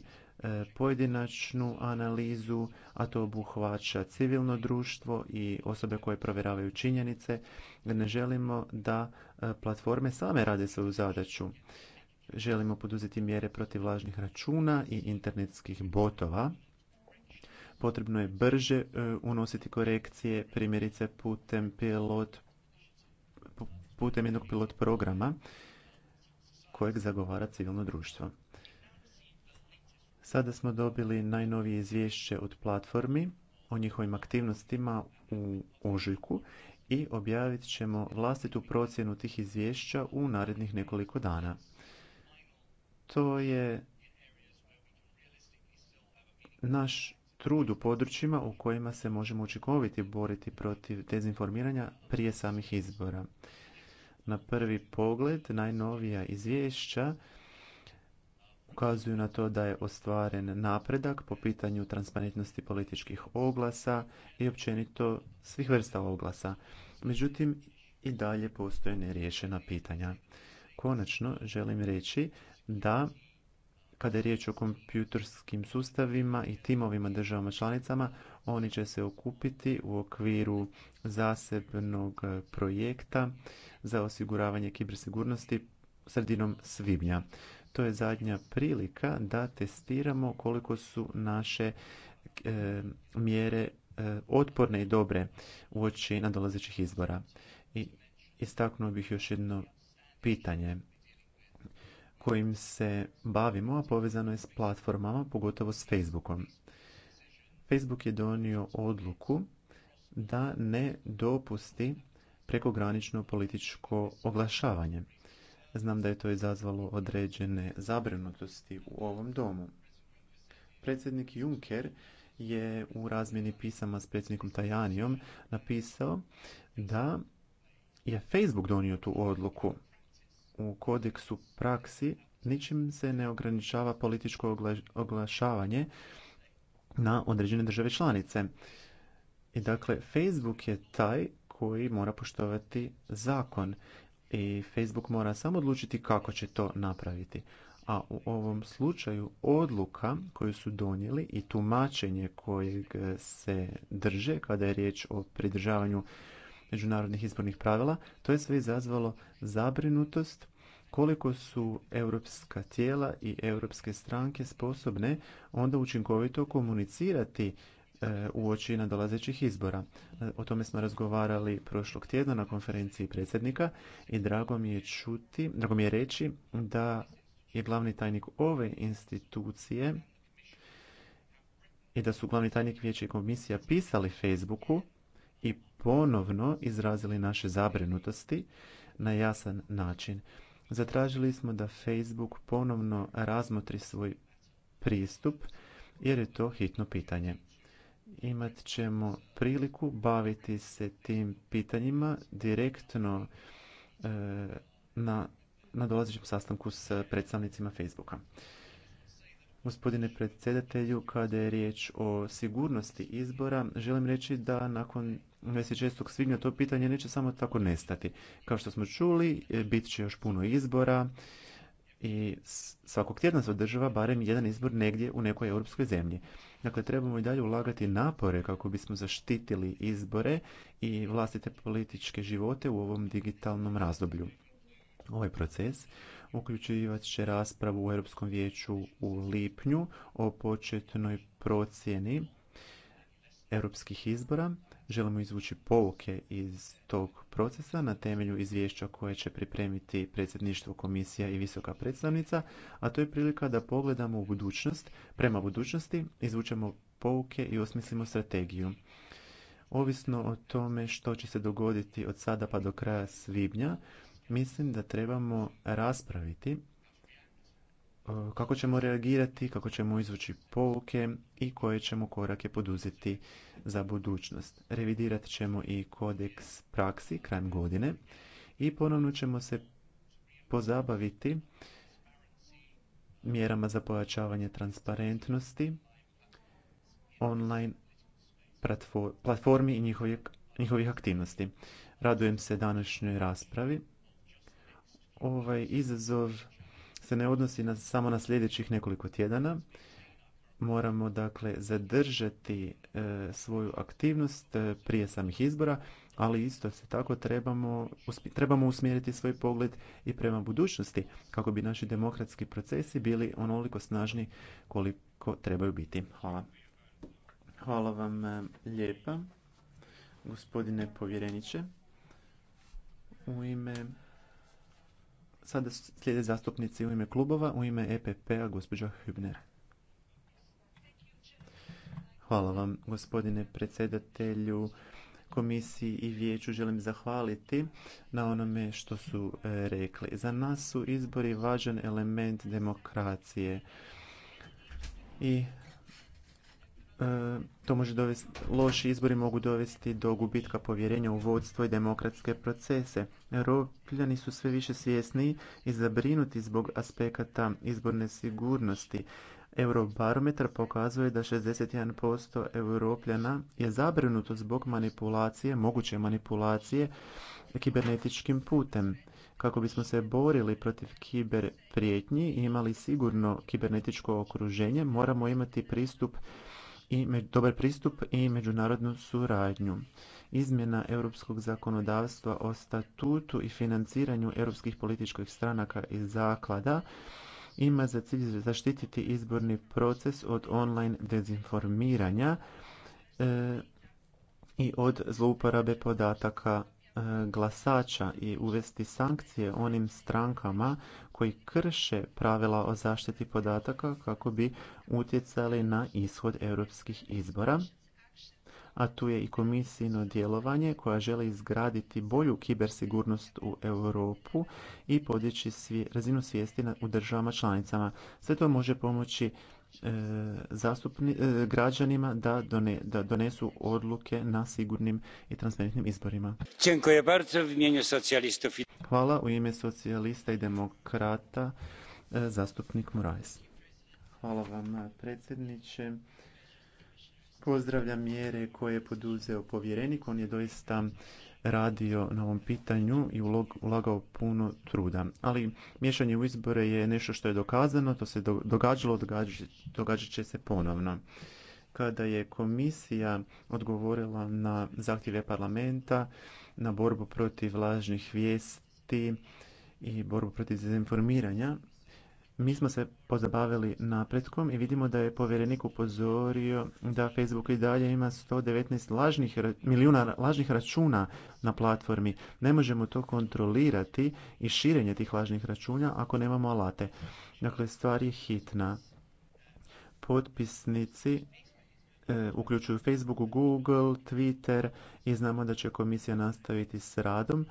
e, pojedinačnu analizu, a to obuhvaća civilno društvo i osobe koje provjeravaju činjenice, ne želimo da e, platforme same rade svoju zadaću želimo poduzeti mjere protiv lažnih računa i internetskih botova potrebno je brže e, unositi korekcije primjerice putem pilot putem jednog pilot programa kojeg zagovara civilno društvo sada smo dobili najnovije izvješće od platformi o njihovim aktivnostima u ožujku i objavit ćemo vlastitu procjenu tih izvješća u narednih nekoliko dana to je naš trud u područjima u kojima se možemo učinkoviti boriti protiv dezinformiranja prije samih izbora. Na prvi pogled najnovija izvješća ukazuju na to da je ostvaren napredak po pitanju transparentnosti političkih oglasa i općenito svih vrsta oglasa. Međutim, i dalje postoje neriješena pitanja. Konačno, želim reći da kada je riječ o kompjuterskim sustavima i timovima državama članicama oni će se okupiti u okviru zasebnog projekta za osiguravanje kibersigurnosti sredinom svibnja. To je zadnja prilika da testiramo koliko su naše e, mjere e, otporne i dobre u oči nadolazećih izbora. I istaknuo bih još jedno pitanje kojim se bavimo, a povezano je s platformama, pogotovo s Facebookom. Facebook je donio odluku da ne dopusti prekogranično političko oglašavanje. Znam da je to izazvalo određene zabrinutosti u ovom domu. Predsjednik Juncker je u razmjeni pisama s predsjednikom Tajanijom napisao da je Facebook donio tu odluku u kodeksu praksi ničim se ne ograničava političko oglašavanje na određene države članice. I dakle, Facebook je taj koji mora poštovati zakon i Facebook mora samo odlučiti kako će to napraviti. A u ovom slučaju odluka koju su donijeli i tumačenje kojeg se drže kada je riječ o pridržavanju međunarodnih izbornih pravila. To je sve izazvalo zabrinutost koliko su europska tijela i europske stranke sposobne onda učinkovito komunicirati e, uoči nadolazećih izbora. E, o tome smo razgovarali prošlog tjedna na konferenciji predsjednika i drago mi je čuti, drago mi je reći da je glavni tajnik ove institucije i da su glavni tajnik vijeća i komisija pisali Facebooku i ponovno izrazili naše zabrinutosti na jasan način. Zatražili smo da Facebook ponovno razmotri svoj pristup jer je to hitno pitanje. Imat ćemo priliku baviti se tim pitanjima direktno e, na dolazećem sastanku s predstavnicima Facebooka. Gospodine predsjedatelju, kada je riječ o sigurnosti izbora, želim reći da nakon 26. svibnja to pitanje neće samo tako nestati. Kao što smo čuli, e, bit će još puno izbora i svakog tjedna se održava barem jedan izbor negdje u nekoj europskoj zemlji. Dakle, trebamo i dalje ulagati napore kako bismo zaštitili izbore i vlastite političke živote u ovom digitalnom razdoblju. Ovaj proces uključivat će raspravu u Europskom vijeću u lipnju o početnoj procjeni europskih izbora želimo izvući pouke iz tog procesa na temelju izvješća koje će pripremiti predsjedništvo komisija i visoka predstavnica a to je prilika da pogledamo u budućnost prema budućnosti izvučemo pouke i osmislimo strategiju ovisno o tome što će se dogoditi od sada pa do kraja svibnja mislim da trebamo raspraviti E, kako ćemo reagirati, kako ćemo izvući pouke i koje ćemo korake poduzeti za budućnost. Revidirat ćemo i kodeks praksi krajem godine i ponovno ćemo se pozabaviti mjerama za pojačavanje transparentnosti online platformi i njihovih, njihovih aktivnosti. Radujem se današnjoj raspravi. Ovaj izazov se ne odnosi na, samo na sljedećih nekoliko tjedana. Moramo dakle zadržati e, svoju aktivnost e, prije samih izbora, ali isto se tako trebamo, trebamo usmjeriti svoj pogled i prema budućnosti kako bi naši demokratski procesi bili onoliko snažni koliko trebaju biti. Hvala. Hvala vam e, lijepa, gospodine povjereniče. U ime Sada slijede zastupnici u ime klubova, u ime EPP-a gospođa Hübner. Hvala vam gospodine predsjedatelju komisiji i vijeću želim zahvaliti na onome što su e, rekli. Za nas su izbori važan element demokracije i E, to može dovesti, loši izbori mogu dovesti do gubitka povjerenja u vodstvo i demokratske procese. Europljani su sve više svjesni i zabrinuti zbog aspekata izborne sigurnosti. Eurobarometar pokazuje da 61% europljana je zabrinuto zbog manipulacije, moguće manipulacije kibernetičkim putem. Kako bismo se borili protiv kiber prijetnji i imali sigurno kibernetičko okruženje, moramo imati pristup i dobar pristup i međunarodnu suradnju. Izmjena europskog zakonodavstva o statutu i financiranju europskih političkih stranaka i zaklada ima za cilj zaštititi izborni proces od online dezinformiranja e, i od zlouporabe podataka E, glasača i uvesti sankcije onim strankama koji krše pravila o zaštiti podataka kako bi utjecali na ishod europskih izbora a tu je i komisijino djelovanje koja želi izgraditi bolju kibersigurnost u Europu i podići razinu svijesti u državama članicama. Sve to može pomoći E, zastupni, e, građanima da, da donesu odluke na sigurnim i transparentnim izborima. Hvala u ime socijalista i demokrata e, zastupnik Moraes. Hvala vam predsjedniče. Pozdravljam mjere koje je poduzeo povjerenik. On je doista radio na ovom pitanju i ulagao puno truda. Ali miješanje u izbore je nešto što je dokazano, to se događalo, događat će se ponovno. Kada je komisija odgovorila na zahtjeve parlamenta, na borbu protiv lažnih vijesti i borbu protiv dezinformiranja, mi smo se pozabavili napretkom i vidimo da je povjerenik upozorio da Facebook i dalje ima 119 lažnih, milijuna lažnih računa na platformi. Ne možemo to kontrolirati i širenje tih lažnih računa ako nemamo alate. Dakle, stvar je hitna. Potpisnici e, uključuju Facebook, Google, Twitter i znamo da će komisija nastaviti s radom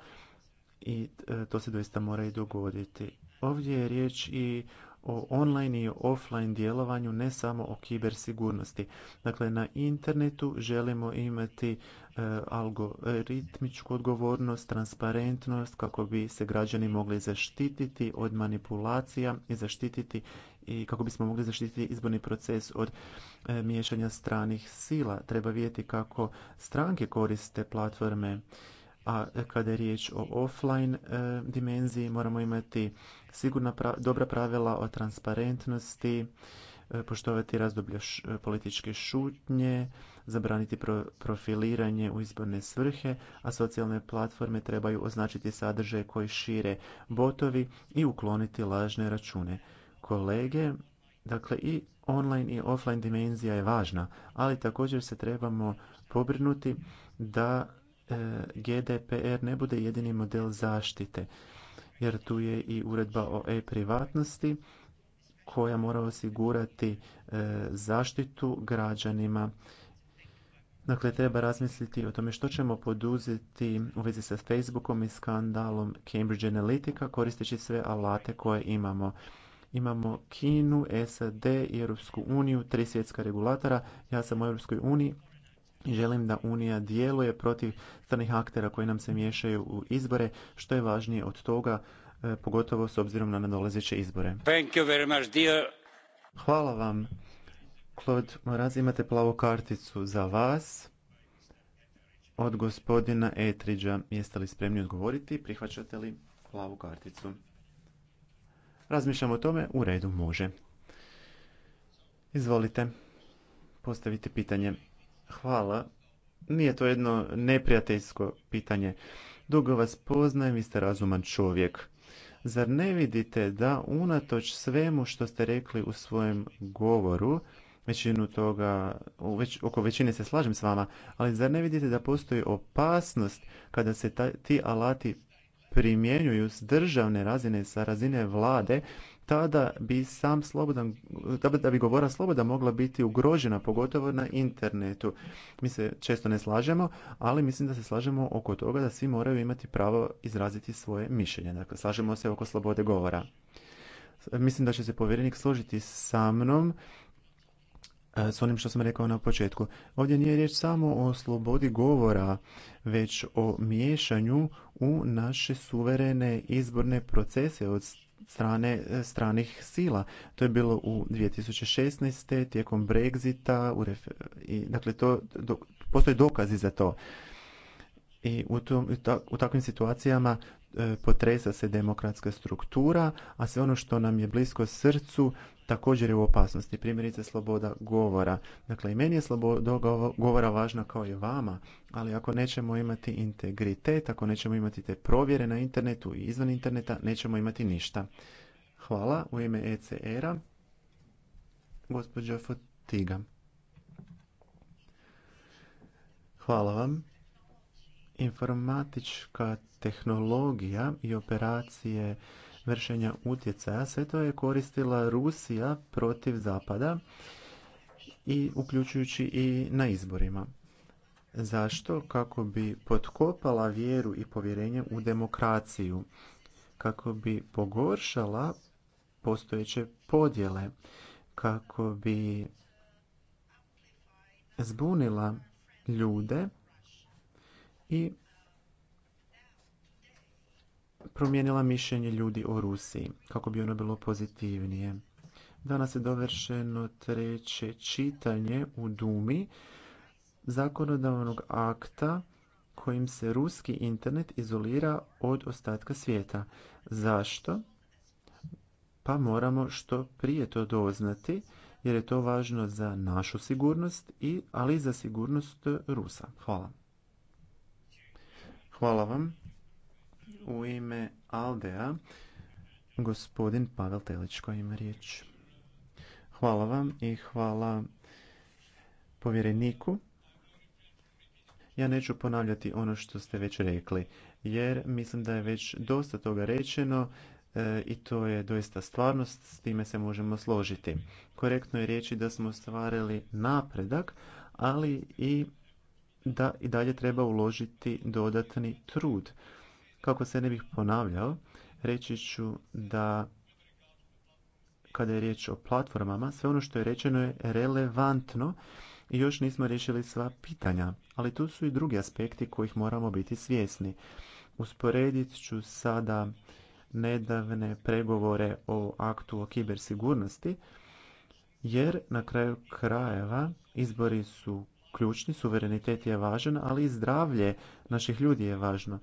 i e, to se doista mora i dogoditi Ovdje je riječ i o online i offline djelovanju, ne samo o kibersigurnosti. Dakle, na internetu želimo imati e, algoritmičku odgovornost, transparentnost kako bi se građani mogli zaštititi od manipulacija i zaštititi i kako bismo mogli zaštititi izborni proces od e, miješanja stranih sila. Treba vidjeti kako stranke koriste platforme a kada je riječ o offline e, dimenziji moramo imati sigurna dobra pravila o transparentnosti e, poštovati razdoblje e, političke šutnje zabraniti profiliranje u izborne svrhe a socijalne platforme trebaju označiti sadržaje koji šire botovi i ukloniti lažne račune kolege dakle i online i offline dimenzija je važna ali također se trebamo pobrinuti da E, GDPR ne bude jedini model zaštite, jer tu je i uredba o e-privatnosti koja mora osigurati e, zaštitu građanima. Dakle, treba razmisliti o tome što ćemo poduzeti u vezi sa Facebookom i skandalom Cambridge Analytica koristeći sve alate koje imamo. Imamo Kinu, SAD i Europsku uniju, tri svjetska regulatora. Ja sam u Europskoj uniji, Želim da Unija djeluje protiv stranih aktera koji nam se miješaju u izbore, što je važnije od toga, e, pogotovo s obzirom na nadolazeće izbore. Hvala vam. Claude Moraz, imate plavu karticu za vas od gospodina Etridža. Jeste li spremni odgovoriti? Prihvaćate li plavu karticu? Razmišljam o tome. U redu, može. Izvolite. Postavite pitanje. Hvala. Nije to jedno neprijateljsko pitanje. Dugo vas poznajem, vi ste razuman čovjek. Zar ne vidite da unatoč svemu što ste rekli u svojem govoru, većinu toga, već, oko većine se slažem s vama, ali zar ne vidite da postoji opasnost kada se ti alati primjenjuju s državne razine, sa razine vlade, tada bi sam slobodan, da bi govora sloboda mogla biti ugrožena, pogotovo na internetu. Mi se često ne slažemo, ali mislim da se slažemo oko toga da svi moraju imati pravo izraziti svoje mišljenje. Dakle, slažemo se oko slobode govora. Mislim da će se povjerenik složiti sa mnom e, s onim što sam rekao na početku. Ovdje nije riječ samo o slobodi govora, već o miješanju u naše suverene izborne procese od strane e, stranih sila. To je bilo u 2016. tijekom Brexita i dakle to do... postoje dokazi za to. I u, u takvim situacijama e, potresa se demokratska struktura, a sve ono što nam je blisko srcu također je u opasnosti primjerice sloboda govora dakle i meni je sloboda govora važna kao i vama ali ako nećemo imati integritet ako nećemo imati te provjere na internetu i izvan interneta nećemo imati ništa hvala u ime ECR-a gospođa Fotiga hvala vam informatička tehnologija i operacije vršenja utjecaja. Sve to je koristila Rusija protiv Zapada i uključujući i na izborima. Zašto? Kako bi potkopala vjeru i povjerenje u demokraciju, kako bi pogoršala postojeće podjele, kako bi zbunila ljude i promijenila mišljenje ljudi o Rusiji kako bi ono bilo pozitivnije. Danas je dovršeno treće čitanje u Dumi zakonodavnog akta kojim se ruski internet izolira od ostatka svijeta. Zašto? Pa moramo što prije to doznati jer je to važno za našu sigurnost, ali i za sigurnost Rusa. Hvala. Hvala vam. U ime Aldea, gospodin Pavel koji ima riječ. Hvala vam i hvala povjereniku. Ja neću ponavljati ono što ste već rekli, jer mislim da je već dosta toga rečeno e, i to je doista stvarnost, s time se možemo složiti. Korektno je reći da smo ostvarili napredak, ali i da i dalje treba uložiti dodatni trud kako se ne bih ponavljao, reći ću da kada je riječ o platformama, sve ono što je rečeno je relevantno i još nismo riješili sva pitanja, ali tu su i drugi aspekti kojih moramo biti svjesni. Usporedit ću sada nedavne pregovore o aktu o kibersigurnosti, jer na kraju krajeva izbori su ključni, suverenitet je važan, ali i zdravlje naših ljudi je važno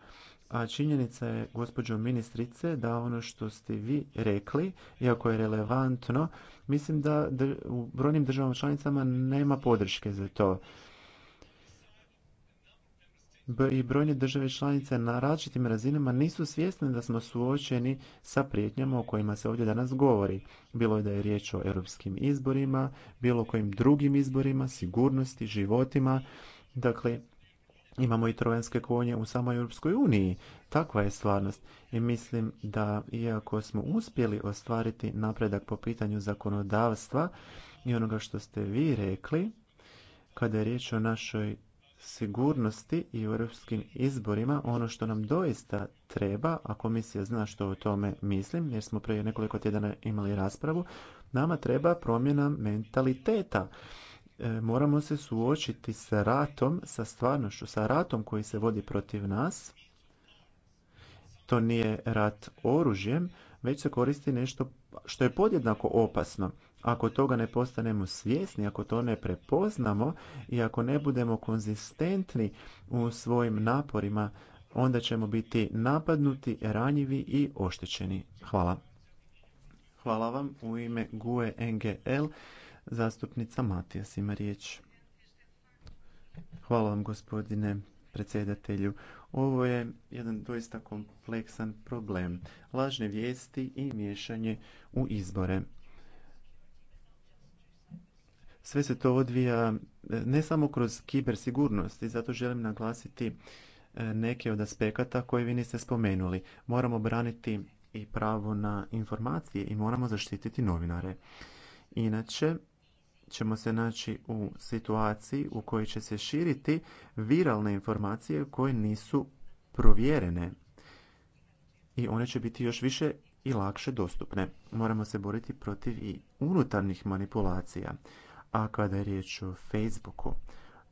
a činjenica je gospođo ministrice da ono što ste vi rekli iako je relevantno mislim da u brojnim državama članicama nema podrške za to i brojne države članice na različitim razinama nisu svjesne da smo suočeni sa prijetnjama o kojima se ovdje danas govori. Bilo je da je riječ o europskim izborima, bilo kojim drugim izborima, sigurnosti, životima. Dakle, Imamo i trojanske konje u samoj Europskoj uniji. Takva je stvarnost. I mislim da iako smo uspjeli ostvariti napredak po pitanju zakonodavstva i onoga što ste vi rekli, kada je riječ o našoj sigurnosti i europskim izborima ono što nam doista treba, a komisija zna što o tome mislim, jer smo prije nekoliko tjedana imali raspravu, nama treba promjena mentaliteta. E, moramo se suočiti sa ratom, sa stvarnošću, sa ratom koji se vodi protiv nas. To nije rat oružjem, već se koristi nešto što je podjednako opasno. Ako toga ne postanemo svjesni, ako to ne prepoznamo i ako ne budemo konzistentni u svojim naporima, onda ćemo biti napadnuti, ranjivi i oštećeni. Hvala. Hvala vam u ime GUE NGL. Zastupnica Matijas ima riječ. Hvala vam gospodine predsjedatelju. Ovo je jedan doista kompleksan problem. Lažne vijesti i miješanje u izbore. Sve se to odvija e, ne samo kroz kibersigurnost i zato želim naglasiti e, neke od aspekata koje vi niste spomenuli. Moramo braniti i pravo na informacije i moramo zaštititi novinare. Inače, ćemo se naći u situaciji u kojoj će se širiti viralne informacije koje nisu provjerene i one će biti još više i lakše dostupne. Moramo se boriti protiv i unutarnjih manipulacija. A kada je riječ o Facebooku,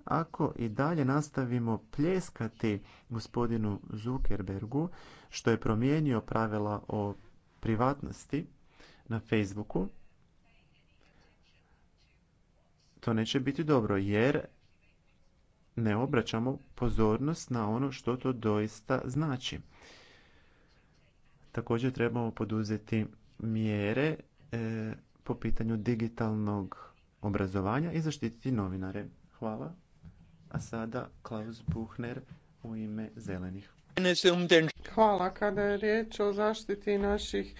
ako i dalje nastavimo pljeskati gospodinu Zuckerbergu što je promijenio pravila o privatnosti na Facebooku, to neće biti dobro jer ne obraćamo pozornost na ono što to doista znači. Također trebamo poduzeti mjere e, po pitanju digitalnog obrazovanja i zaštititi novinare. Hvala. A sada Klaus Buchner u ime zelenih. Hvala. Kada je riječ o zaštiti naših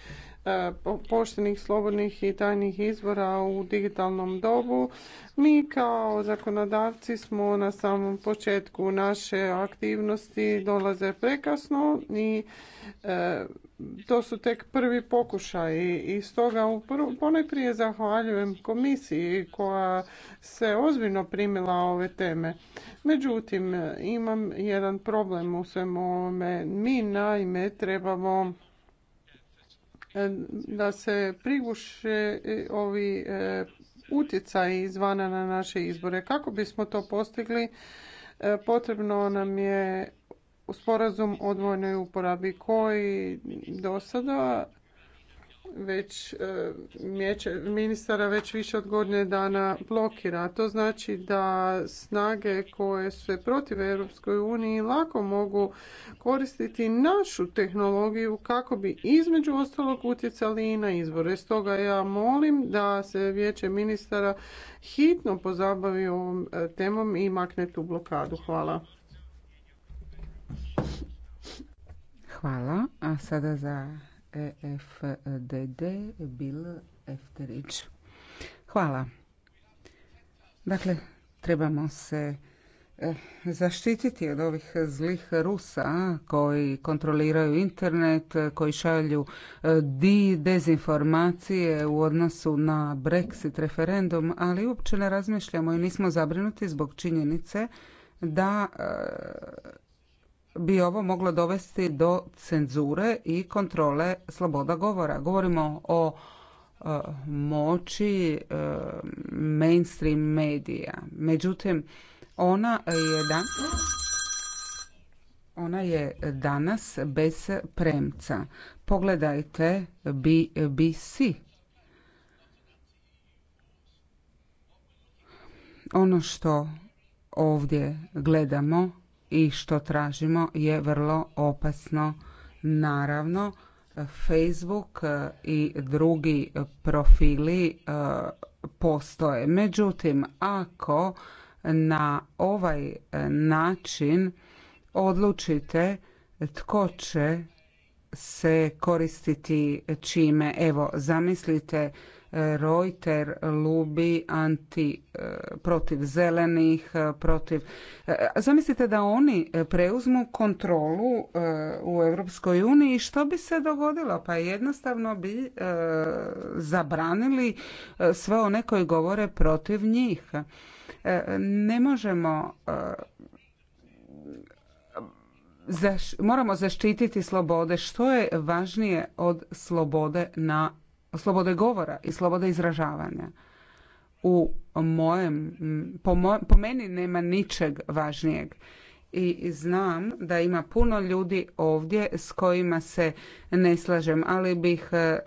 E, poštenih, slobodnih i tajnih izvora u digitalnom dobu. Mi kao zakonodavci smo na samom početku naše aktivnosti dolaze prekasno i e, to su tek prvi pokušaj i stoga ponajprije zahvaljujem komisiji koja se ozbiljno primila ove teme. Međutim, imam jedan problem u svemu ovome. Mi naime trebamo da se priguše e, ovi e, utjecaji izvana na naše izbore. Kako bismo to postigli? E, potrebno nam je sporazum o dvojnoj uporabi koji do sada već e, ministara već više od godine dana blokira. To znači da snage koje se protiv Europskoj uniji lako mogu koristiti našu tehnologiju kako bi između ostalog utjecali i na izbore. Stoga ja molim da se vijeće ministara hitno pozabavi ovom e, temom i makne tu blokadu. Hvala. Hvala. A sada za EFDD Bil Efterić. Hvala. Dakle, trebamo se e, zaštititi od ovih zlih Rusa koji kontroliraju internet, koji šalju e, di dezinformacije u odnosu na Brexit referendum, ali uopće ne razmišljamo i nismo zabrinuti zbog činjenice da e, bi ovo moglo dovesti do cenzure i kontrole sloboda govora. Govorimo o e, moći e, mainstream medija. Međutim, ona je dan ona je danas bez premca. Pogledajte BBC. Ono što ovdje gledamo i što tražimo je vrlo opasno. Naravno, Facebook i drugi profili e, postoje. Međutim, ako na ovaj način odlučite tko će se koristiti čime, evo zamislite Reuter lubi anti e, protiv zelenih, e, protiv e, zamislite da oni preuzmu kontrolu u Europskoj uniji što bi se dogodilo? Pa jednostavno bi zabranili sve one koji govore protiv njih. Ne možemo moramo zaštititi slobode. Što je važnije od slobode na slobode govora i slobode izražavanja. U mojem, po, po meni nema ničeg važnijeg i znam da ima puno ljudi ovdje s kojima se ne slažem, ali bih e,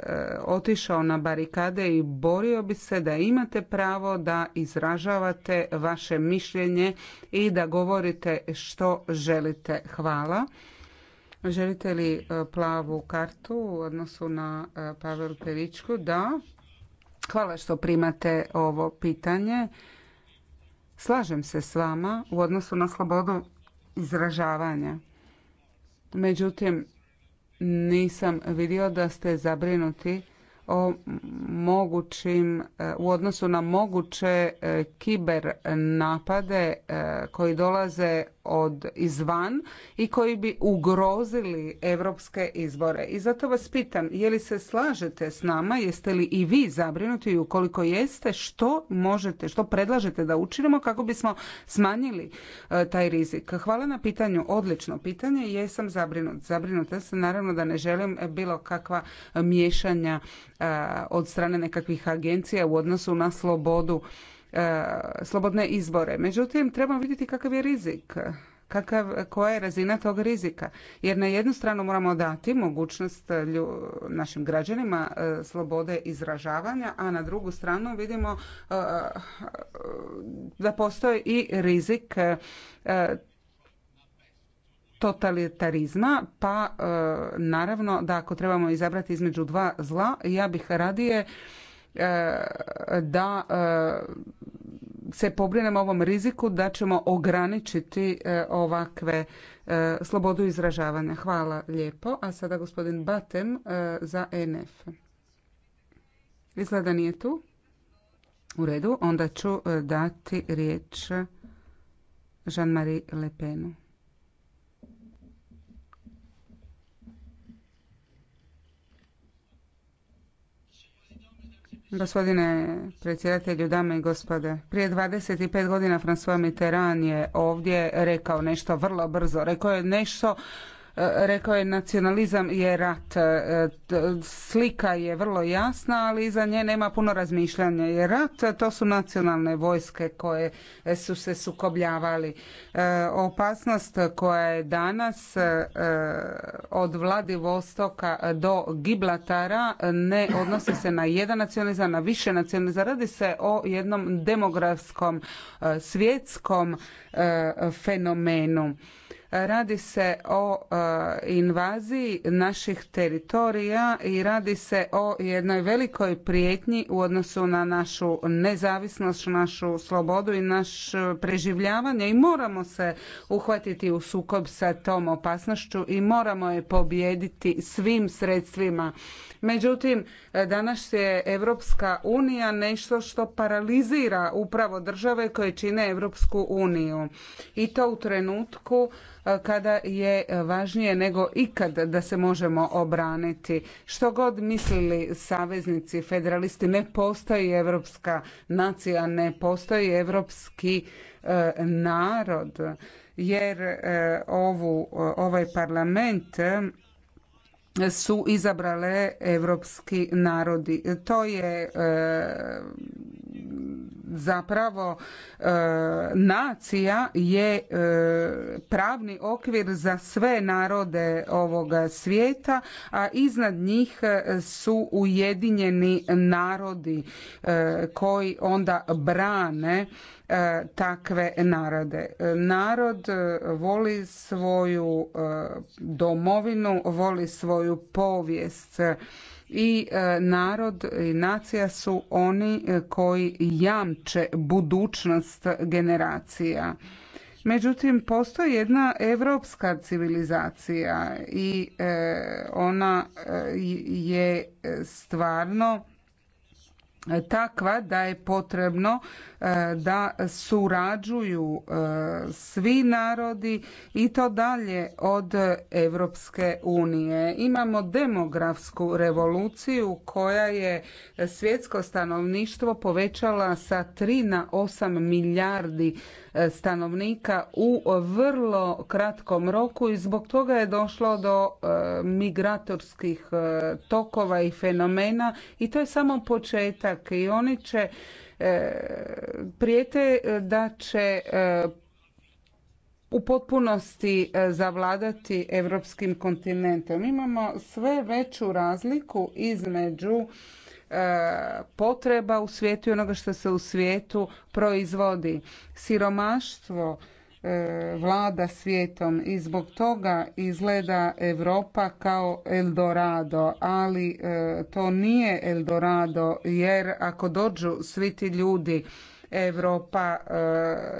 otišao na barikade i borio bi se da imate pravo da izražavate vaše mišljenje i da govorite što želite. Hvala. Želite li e, plavu kartu u odnosu na e, Pavel Peričku? Da. Hvala što primate ovo pitanje. Slažem se s vama u odnosu na slobodu izražavanja. Međutim, nisam vidio da ste zabrinuti o mogućim, e, u odnosu na moguće e, kiber napade e, koji dolaze od izvan i koji bi ugrozili europske izbore. I zato vas pitam, je li se slažete s nama, jeste li i vi zabrinuti i ukoliko jeste, što možete, što predlažete da učinimo kako bismo smanjili taj rizik? Hvala na pitanju, odlično pitanje, jesam zabrinut. Zabrinuta sam naravno da ne želim bilo kakva miješanja E, od strane nekakvih agencija u odnosu na slobodu, e, slobodne izbore. Međutim, trebamo vidjeti kakav je rizik. Kakav, koja je razina tog rizika. Jer na jednu stranu moramo dati mogućnost e, lju, našim građanima slobode izražavanja, a na drugu stranu vidimo da postoji i rizik totalitarizma, pa e, naravno da ako trebamo izabrati između dva zla, ja bih radije e, da e, se pobrinemo ovom riziku da ćemo ograničiti ovakve slobodu izražavanja. Hvala lijepo. A sada gospodin Batem za NF. Izgleda nije tu. U redu, onda ću dati riječ Jean-Marie Le Penu. Gospodine predsjedatelju, dame i gospode, prije 25 godina François Mitterrand je ovdje rekao nešto vrlo brzo. Rekao je nešto E, rekao je nacionalizam je rat. E, slika je vrlo jasna, ali iza nje nema puno razmišljanja. Jer rat to su nacionalne vojske koje su se sukobljavali. E, opasnost koja je danas od Vladivostoka do Giblatara ne odnosi se na jedan nacionalizam, na više nacionalizam. Radi se o jednom demografskom, svjetskom fenomenu Radi se o e, invaziji naših teritorija i radi se o jednoj velikoj prijetnji u odnosu na našu nezavisnost, našu slobodu i naš preživljavanje i moramo se uhvatiti u sukob sa tom opasnošću i moramo je pobijediti svim sredstvima. Međutim, danas je Europska unija nešto što paralizira upravo države koje čine Europsku uniju. I to u trenutku kada je važnije nego ikad da se možemo obraniti. Što god mislili saveznici federalisti, ne postoji evropska nacija, ne postoji evropski e, narod jer e, ovu, ovaj parlament su izabrale evropski narodi. To je e, zapravo e, nacija je e, pravni okvir za sve narode ovoga svijeta, a iznad njih e, su ujedinjeni narodi koji onda brane takve narode. Narod voli svoju domovinu, voli svoju povijest i e, narod i nacija su oni e, koji jamče budućnost generacija. Međutim, postoji jedna europska civilizacija i e, ona je stvarno takva da je potrebno e, da surađuju e, svi narodi i to dalje od Europske unije. Imamo demografsku revoluciju koja je svjetsko stanovništvo povećala sa 3 na 8 milijardi E, stanovnika u vrlo kratkom roku i zbog toga je došlo do e, migratorskih e, tokova i fenomena i to je samo početak i oni će prijete da će u potpunosti zavladati europskim kontinentom. Imamo sve veću razliku između E, potreba u svijetu i onoga što se u svijetu proizvodi. Siromaštvo e, vlada svijetom i zbog toga izgleda Europa kao Eldorado, ali e, to nije Eldorado jer ako dođu svi ti ljudi Europa e,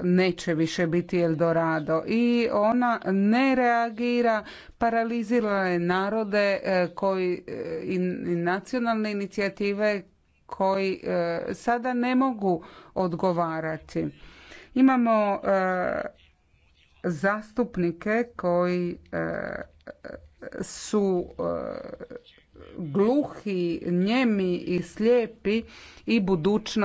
neće više biti Eldorado i ona ne reagira, paralizirala je narode e, koji e, i nacionalne inicijative koji sada ne mogu odgovarati. Imamo zastupnike koji su gluhi, njemi i slijepi i budućnost